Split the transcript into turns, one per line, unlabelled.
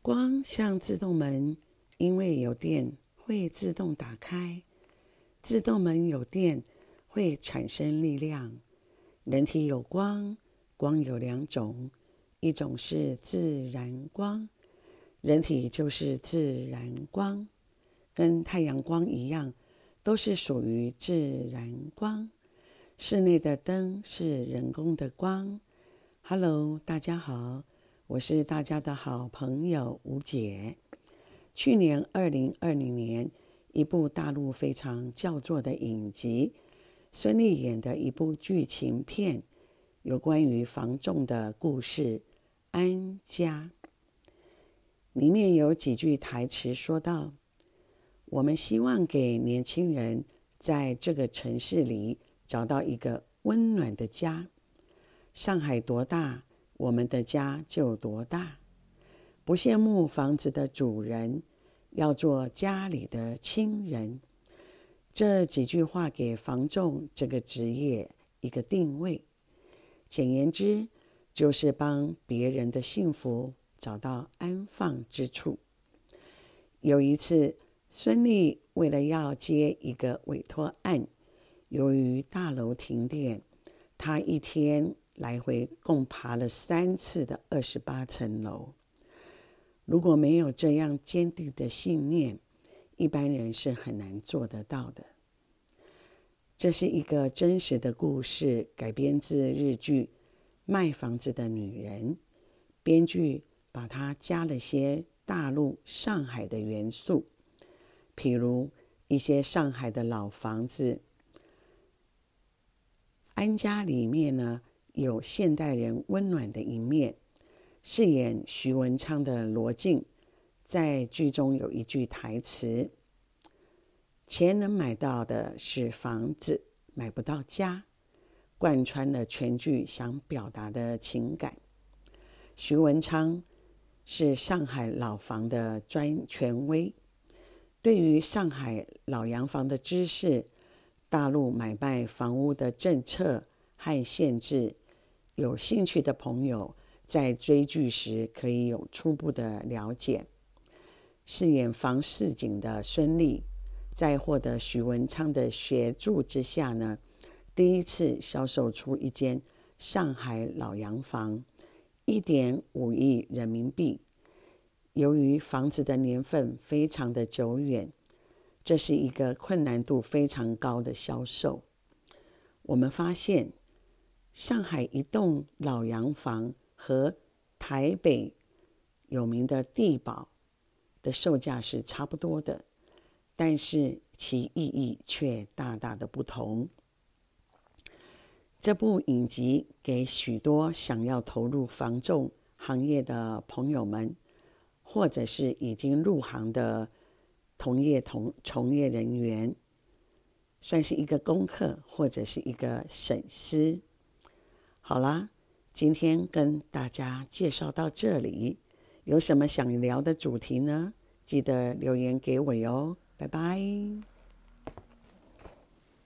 光像自動門，因為有電會自動打開。自動門有電會產生力量。人體有光，光有兩種，一種是自然光，人體就是自然光，跟太陽光一樣，都是屬於自然光。室內的燈是人工的光。哈囉，大家好。我是大家的好朋友吳姐。去年二零二零年，一部大陸非常叫座的影集，孫儷演的一部劇情片，有關於房仲的故事《安家》，裡面有幾句台詞說道：“我們希望給年輕人在這個城市裡找到一個溫暖的家。”上海多大？我們的家就多大，不羨慕房子的主人，要做家裡的親人。這幾句話給房仲這個職業一個定位。簡言之，就是幫別人的幸福找到安放之處。有一次，孫儷為了要接一個委託案，由於大樓停電，她一天，來回共爬了三次的二十八層樓，如果沒有這樣堅定的信念，一般人是很難做得到的。這是一個真實的故事，改編自日劇《賣房子的女人》，編劇把它加了些大陸、上海的元素，譬如一些上海的老房子。安家裡面呢，有現代人溫暖的一面。飾演徐文昌的羅晉，在劇中有一句台詞：“錢能買到的是房子，買不到家。”貫穿了全劇想表達的情感。徐文昌是上海老洋房的權威，對於上海老洋房的知識、大陸買賣房屋的政策和限制。有興趣的朋友在追劇時可以有初步的了解。飾演房似錦的孫儷，在獲得徐文昌的協助之下呢，第一次銷售出一間上海老洋房，一點五億人民幣。由於房子的年份非常的久遠，這是一個困難度非常高的銷售。我們發現。上海一棟老洋房和台北有名的帝寶的售價是差不多的，但是其意義卻大大的不同。這部影集給許多想要投入房仲行業的朋友們，或者是已經入行的同業同從業人員，算是一個功課，或者是一個省思。好啦，今天跟大家介紹到這裡。有什麼想聊的主題呢？記得留言給我喲。拜拜。